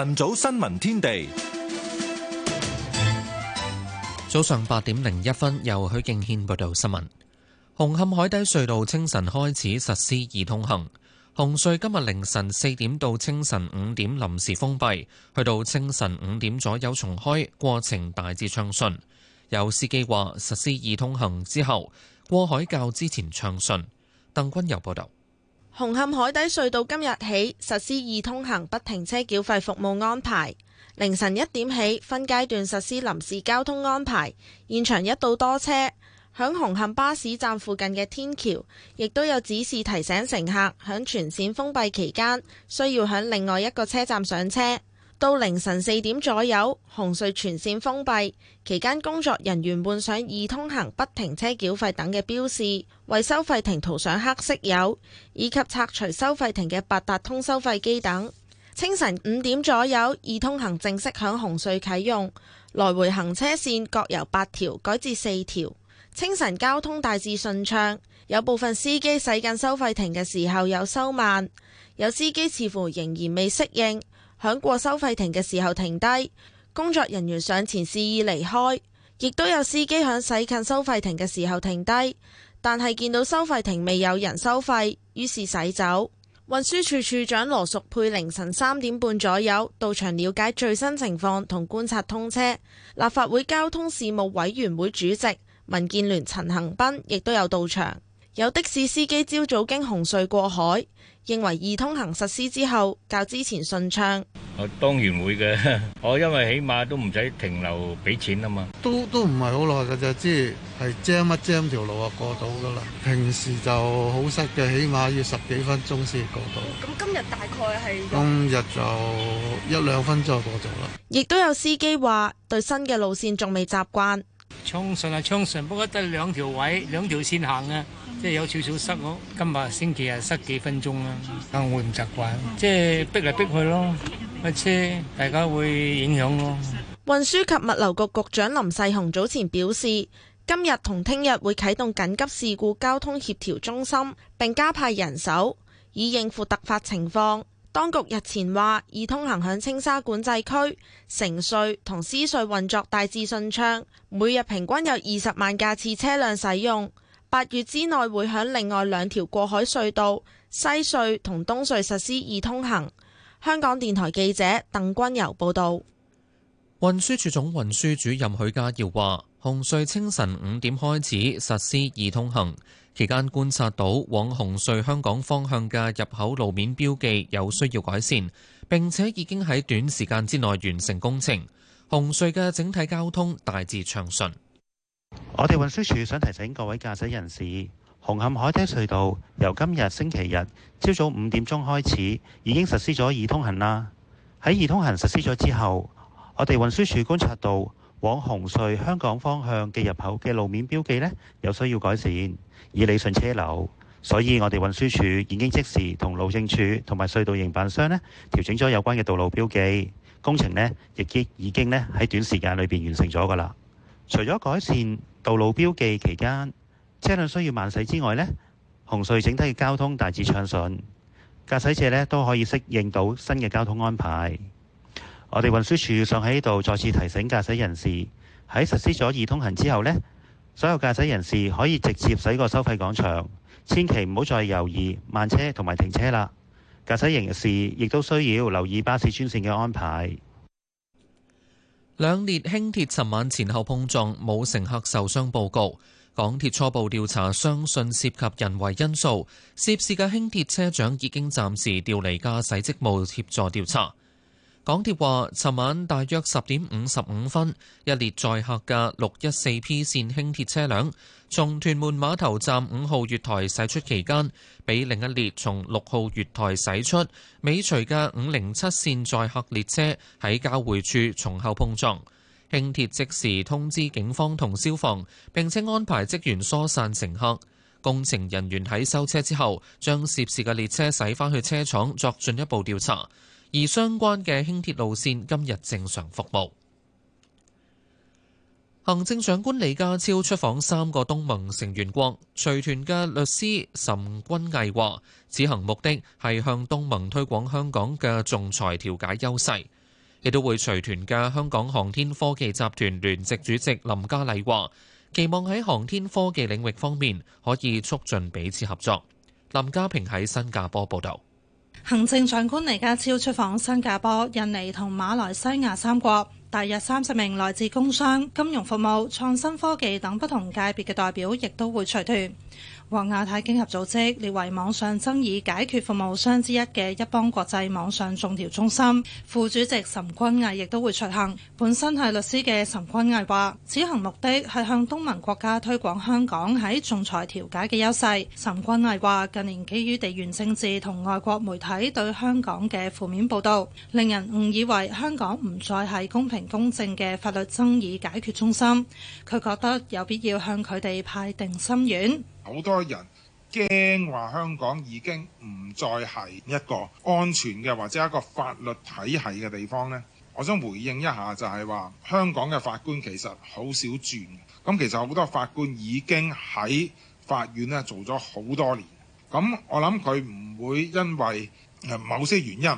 晨早新聞天地，早上八點零一分，由許敬軒報道新聞。紅磡海底隧道清晨開始實施易通行，紅隧今日凌晨四點到清晨五點臨時封閉，去到清晨五點左右重開，過程大致暢順。有司機話，實施易通行之後過海較之前暢順。鄧君游報道。紅磡海底隧道今日起實施易通行不停車繳費服務安排，凌晨一點起分階段實施臨時交通安排，現場一度多車。響紅磡巴士站附近嘅天橋，亦都有指示提醒乘客響全線封閉期間，需要響另外一個車站上車。到凌晨四點左右，紅隧全線封閉，期間工作人員換上易通行不停車繳費等嘅標示，為收費亭塗上黑色油，以及拆除收費亭嘅八達通收費機等。清晨五點左右，易通行正式響紅隧啟用，來回行車線各由八條改至四條。清晨交通大致順暢，有部分司機駛近收費亭嘅時候有收慢，有司機似乎仍然未適應。響過收費亭嘅時候停低，工作人員上前示意離開，亦都有司機響駛近收費亭嘅時候停低，但係見到收費亭未有人收費，於是駛走。運輸處處長羅淑佩凌晨三點半左右到場了解最新情況同觀察通車。立法會交通事務委員會主席民建聯陳恒鑌亦都有到場。有的士司機朝早經紅隧過海。認為易通行實施之後較之前順暢。我當然會嘅，我因為起碼都唔使停留俾錢啊嘛，都都唔係好耐嘅啫，即係 jam 一 jam 條路啊過到噶啦。嗯嗯、平時就好塞嘅，起碼要十幾分鐘先過到。咁、嗯嗯、今日大概係今日就一兩分鐘就過咗啦。亦、嗯、都有司機話對新嘅路綫仲未習慣。暢順啊，暢順，不過得兩條位，兩條線行啊，即係有少少塞咯。今日星期日塞幾分鐘啦，但我唔習慣，即係逼嚟逼去咯，架車大家會影響咯。運輸及物流局局長林世雄早前表示，今日同聽日會啟動緊急事故交通協調中心，並加派人手以應付突發情況。當局日前話，易通行響青沙管制區、城隧同私隧運作大致順暢，每日平均有二十萬架次車輛使用。八月之內會響另外兩條過海隧道，西隧同東隧實施易通行。香港電台記者鄧君游報道。運輸署總運輸主任許家耀話。紅隧清晨五點開始實施易通行，期間觀察到往紅隧香港方向嘅入口路面標記有需要改善，並且已經喺短時間之內完成工程。紅隧嘅整體交通大致暢順。我哋運輸署想提醒各位駕駛人士，紅磡海底隧道由今日星期日朝早五點鐘開始已經實施咗易通行啦。喺易通行實施咗之後，我哋運輸署觀察到。往紅隧香港方向嘅入口嘅路面標記咧，有需要改善，以理順車流。所以我哋運輸署已經即時同路政署同埋隧道營辦商咧，調整咗有關嘅道路標記工程咧，亦已已經咧喺短時間裏邊完成咗噶啦。除咗改善道路標記期間，車輛需要慢駛之外咧，紅隧整體嘅交通大致暢順，駕駛者咧都可以適應到新嘅交通安排。我哋運輸署上喺呢度再次提醒駕駛人士，喺實施咗易通行之後呢所有駕駛人士可以直接駛過收費廣場，千祈唔好再猶豫慢車同埋停車啦。駕駛人士亦都需要留意巴士專線嘅安排。兩列輕鐵尋晚前後碰撞，冇乘客受傷報告。港鐵初步調查，相信涉及人為因素。涉事嘅輕鐵車長已經暫時調離駕駛職務，協助調查。港鐵話，尋晚大約十點五十五分，一列載客嘅六一四 P 線輕鐵車輛從屯門碼頭站五號月台駛出期間，俾另一列從六號月台駛出尾隨嘅五零七線載客列車喺交匯處從後碰撞。輕鐵即時通知警方同消防，並且安排職員疏散乘，乘客。工程人員喺收車之後，將涉事嘅列車駛返去車廠作進一步調查。而相關嘅輕鐵路線今日正常服務。行政長官李家超出訪三個東盟成員國，隨團嘅律師岑君毅話：此行目的係向東盟推廣香港嘅仲裁調解優勢。亦都會隨團嘅香港航天科技集團聯席主席林嘉麗話：期望喺航天科技領域方面可以促進彼此合作。林嘉平喺新加坡報導。行政長官李家超出訪新加坡、印尼同馬來西亞三國。大約三十名來自工商、金融服務、創新科技等不同界別嘅代表，亦都會隨團。團。獲亞太經合組織列為網上爭議解決服務商之一嘅一幫國際網上仲調中心副主席岑君毅亦都會出行。本身係律師嘅岑君毅話此行目的係向東盟國家推廣香港喺仲裁調解嘅優勢，岑君毅話近年基於地緣政治同外國媒體對香港嘅負面報道，令人誤以為香港唔再係公平，公正嘅法律爭議解決中心，佢覺得有必要向佢哋派定心丸。好多人驚話香港已經唔再係一個安全嘅，或者一個法律體系嘅地方咧。我想回應一下就，就係話香港嘅法官其實好少轉，咁其實好多法官已經喺法院咧做咗好多年。咁我諗，佢唔會因為某些原因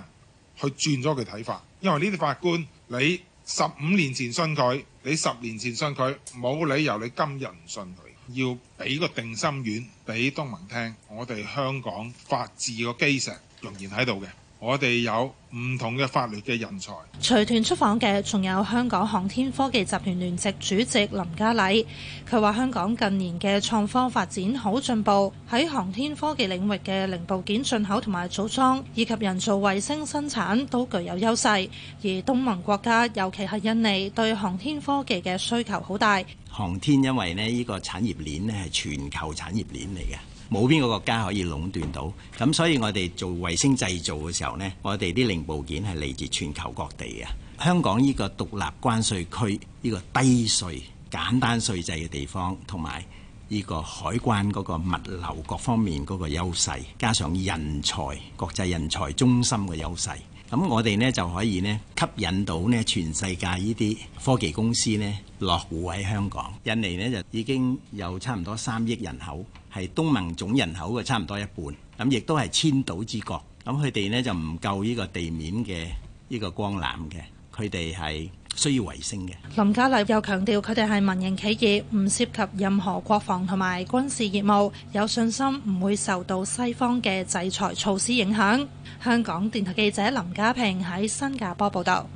去轉咗佢睇法，因為呢啲法官你。十五年前信佢，你十年前信佢，冇理由你今日唔信佢，要俾個定心丸俾東盟聽，我哋香港法治個基石仍然喺度嘅。我哋有唔同嘅法律嘅人才。隨團出訪嘅仲有香港航天科技集團聯席主席林家禮，佢話香港近年嘅創科發展好進步，喺航天科技領域嘅零部件進口同埋組裝，以及人造衛星生產都具有優勢。而東盟國家尤其係印尼，對航天科技嘅需求好大。航天因為呢，呢個產業鏈呢係全球產業鏈嚟嘅。冇邊個國家可以壟斷到，咁所以我哋做衛星製造嘅時候呢，我哋啲零部件係嚟自全球各地嘅。香港呢個獨立關稅區，呢個低稅、簡單稅制嘅地方，同埋呢個海關嗰個物流各方面嗰個優勢，加上人才國際人才中心嘅優勢。咁我哋呢就可以呢吸引到呢全世界呢啲科技公司呢落戶喺香港。印尼呢就已經有差唔多三億人口，係東盟總人口嘅差唔多一半。咁亦都係千島之國。咁佢哋呢就唔夠呢個地面嘅呢個光纜嘅，佢哋係。需要維生嘅林嘉麗又強調，佢哋係民營企業，唔涉及任何國防同埋軍事業務，有信心唔會受到西方嘅制裁措施影響。香港電台記者林家平喺新加坡報道。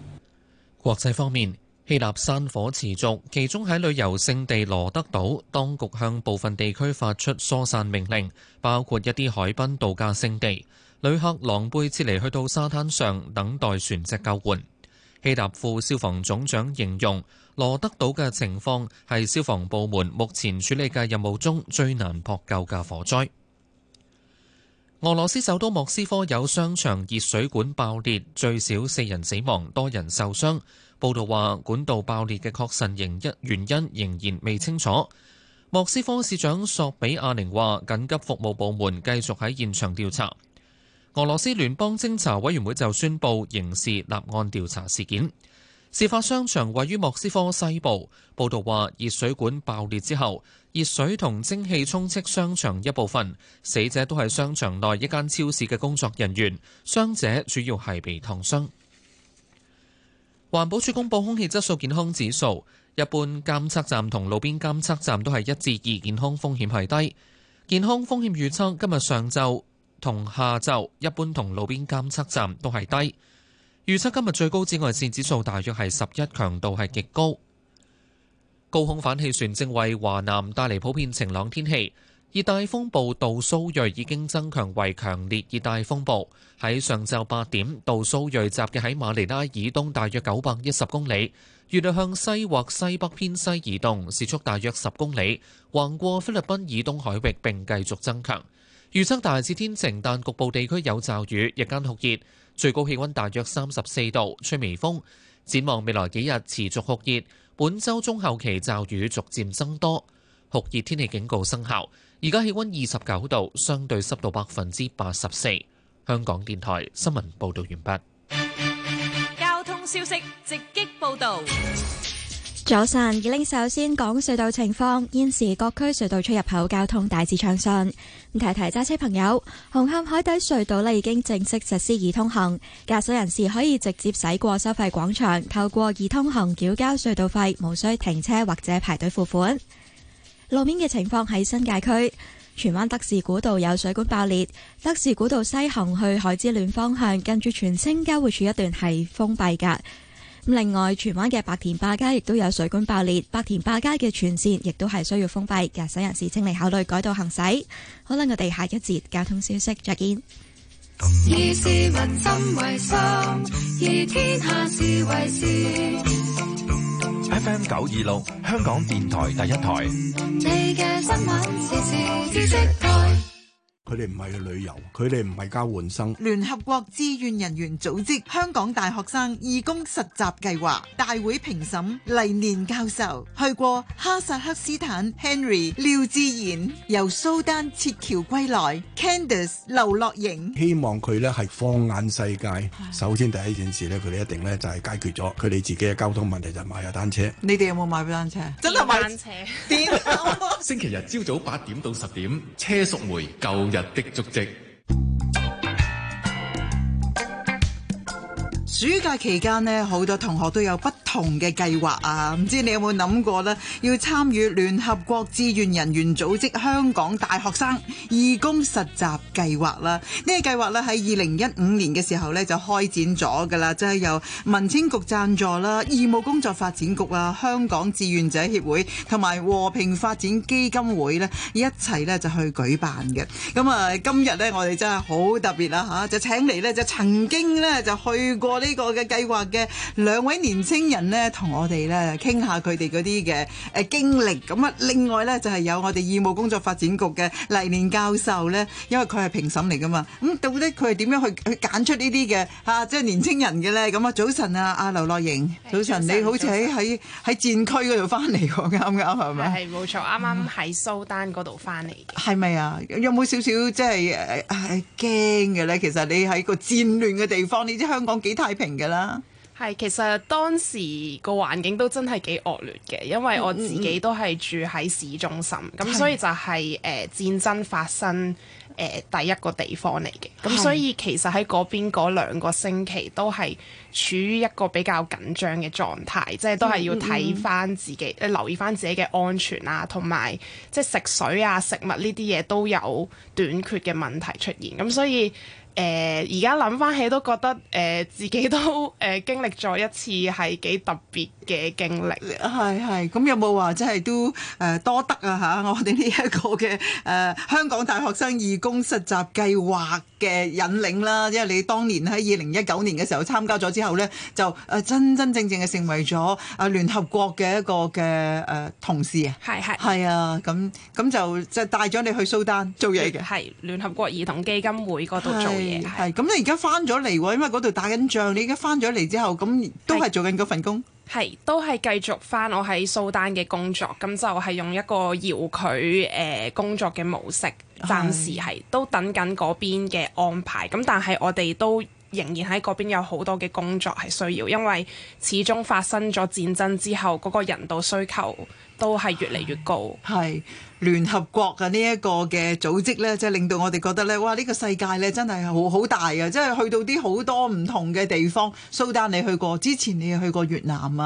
國際方面，希臘山火持續，其中喺旅遊勝地羅德島，當局向部分地區發出疏散命令，包括一啲海濱度假勝地，旅客狼狽撤離去到沙灘上等待船隻救援。希達副消防總長形容羅德島嘅情況係消防部門目前處理嘅任務中最難撲救嘅火災。俄羅斯首都莫斯科有商場熱水管爆裂，最少四人死亡，多人受傷。報道話管道爆裂嘅確實原因仍然未清楚。莫斯科市長索比亞寧話，緊急服務部門繼續喺現場調查。俄羅斯聯邦偵查委員會就宣布刑事立案調查事件。事發商場位於莫斯科西部。報道話，熱水管爆裂之後，熱水同蒸汽充斥商場一部分。死者都係商場內一間超市嘅工作人員，傷者主要係被燙傷。環保署公布空氣質素健康指數，一般監測站同路邊監測站都係一至二，健康風險係低。健康風險預測今日上晝。同下晝一般，同路邊監測站都係低。預測今日最高紫外線指數大約係十一，強度係極高。高空反氣旋正為華南帶嚟普遍晴朗天氣，熱帶風暴杜蘇芮已經增強為強烈熱帶風暴。喺上晝八點，杜蘇芮集結喺馬尼拉以東大約九百一十公里，預料向西或西北偏西移動，時速大約十公里，橫過菲律賓以東海域，並繼續增強。預測大致天晴，但局部地區有驟雨。日間酷熱，最高氣溫大約三十四度，吹微風。展望未來幾日持續酷熱，本周中後期驟雨逐漸增多，酷熱天氣警告生效。而家氣溫二十九度，相對濕度百分之八十四。香港電台新聞報道完畢。交通消息直擊報道。早晨，依例首先講隧道情況。現時各區隧道出入口交通大致暢順。提提揸車朋友，紅磡海底隧道咧已經正式實施易通行，駕駛人士可以直接駛過收費廣場，透過易通行繳交隧道費，無需停車或者排隊付款。路面嘅情況喺新界區，荃灣德士古道有水管爆裂，德士古道西行去海之戀方向，近住荃青交匯處一段係封閉噶。另外，荃灣嘅白田壩街亦都有水管爆裂，白田壩街嘅全線亦都係需要封閉，駕駛人士清理考慮改道行駛。好啦，我哋下一節交通消息，再見。以市民心為心，以天下事為事。FM 九二六，香港電台第一台。你嘅新聞，時時佢哋唔係去旅遊，佢哋唔係交換生。聯合國志願人員組織香港大學生義工實習計劃大會評審黎年教授去過哈薩克斯坦，Henry 廖志賢由蘇丹撤僑歸來，Candice 劉樂盈。Ace，希望佢咧係放眼世界。的首先第一件事咧，佢哋一定咧就係解決咗佢哋自己嘅交通問題，就買架單車。你哋有冇買過單車？真係買單車。的 星期日朝早八點到十點，車淑梅《舊日的足跡》。暑假期間咧，好多同學都有不同嘅計劃啊，唔知你有冇諗過咧？要參與聯合國志願人員組織香港大學生義工實習計劃啦？呢個計劃咧喺二零一五年嘅時候咧就開展咗噶啦，即係由民政局贊助啦，義務工作發展局啊，香港志願者協會同埋和平發展基金會咧一齊咧就去舉辦嘅。咁啊，今日咧我哋真係好特別啦吓，就請嚟咧就曾經咧就去過呢個嘅計劃嘅兩位年青人。咧同我哋咧傾下佢哋嗰啲嘅誒經歷，咁啊，另外咧就係有我哋義務工作發展局嘅黎念教授咧，因為佢係評審嚟噶嘛，咁到底佢係點樣去去揀出呢啲嘅啊即係年青人嘅咧？咁啊，早晨啊阿劉樂瑩，早晨。你好似喺喺喺戰區嗰度翻嚟，啱唔啱係咪？係冇錯，啱啱喺蘇丹嗰度翻嚟。係咪啊？有冇少少即係誒驚嘅咧？其實你喺個戰亂嘅地方，你知香港幾太平噶啦。係，其實當時個環境都真係幾惡劣嘅，因為我自己都係住喺市中心，咁、嗯、所以就係、是、誒的、呃、戰爭發生誒、呃、第一個地方嚟嘅，咁所以其實喺嗰邊嗰兩個星期都係處於一個比較緊張嘅狀態，即、就、係、是、都係要睇翻自己，誒、嗯嗯、留意翻自己嘅安全啊，同埋即係食水啊、食物呢啲嘢都有短缺嘅問題出現，咁所以。誒而家諗翻起都覺得誒、呃、自己都誒、呃、經歷咗一次係幾特別嘅經歷係係咁有冇話即係都誒多得啊嚇！我哋呢一個嘅誒、呃、香港大學生義工實習計劃嘅引領啦、啊，因為你當年喺二零一九年嘅時候參加咗之後咧，就誒真真正正嘅成為咗啊聯合國嘅一個嘅誒同事啊，係係係啊咁咁就即係帶咗你去蘇丹做嘢嘅，係聯合國兒童基金會嗰度做嘢，係咁你而家翻咗嚟喎，因為嗰度打緊仗，你而家翻咗嚟之後咁都係做緊嗰份工。係，都係繼續返我喺蘇丹嘅工作，咁、嗯、就係、是、用一個遙距誒工作嘅模式，暫時係都等緊嗰邊嘅安排。咁、嗯、但係我哋都仍然喺嗰邊有好多嘅工作係需要，因為始終發生咗戰爭之後，嗰、那個人道需求。都係越嚟越高，係聯合國嘅呢一個嘅組織咧，即係令到我哋覺得咧，哇！呢個世界咧真係好好大啊，即係去到啲好多唔同嘅地方。蘇丹你去過，之前你又去過越南啊。